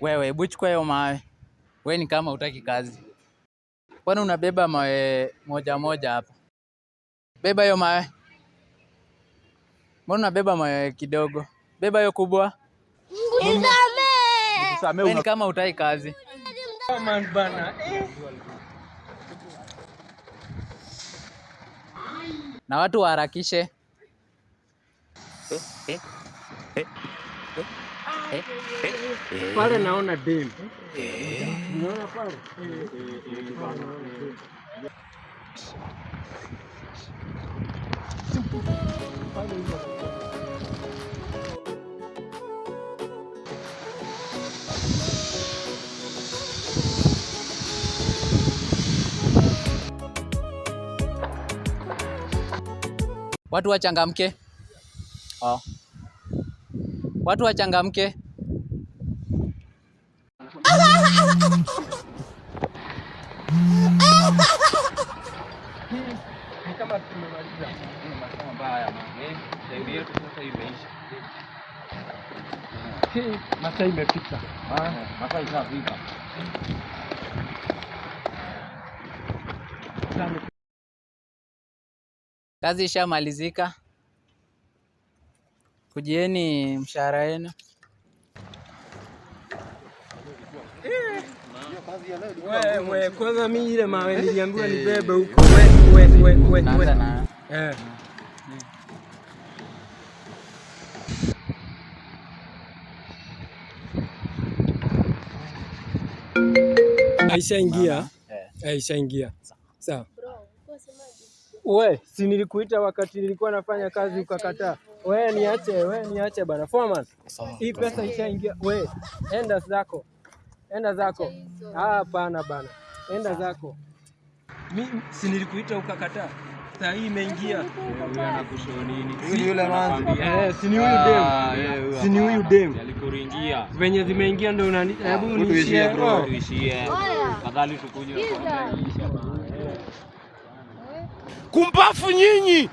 Wewe, hebu chukua hiyo mawe. Wewe ni kama hutaki kazi. Kwani unabeba mawe moja moja hapa? Beba hiyo mawe. Mbona unabeba mawe kidogo? Beba hiyo kubwa. Nisamee. wewe ni kama hutaki kazi. Na watu waharakishe. Eh, eh, eh, eh eh, eh, pale naona dem naona pale Watu wachangamke. Oh. Watu wachangamke. kama tumemaliza masomo mbaya, elimu yetu sasa imeisha. Masaa ah, masaa ishafika. Kazi ishamalizika, kujieni mshahara yenu. Wewe kwanza, mimi ile mawe niliambiwa nibebe huko. Wewe wewe wewe eh Aishaingia, aishaingia. Sawa. We, si nilikuita wakati nilikuwa nafanya kazi ukakataa. We niache, we niache bana. Foreman, hii pesa ishaingia. We, enda zako enda zako. Hapana bana, enda zako. Mimi si nilikuita ukakataa? Saa hii imeingia sini yaani huyu dem, sini huyu eh, ah, dem eh, venye zimeingia ndio unani. Ah, hebu nishie oh. eh. kumbafu nyinyi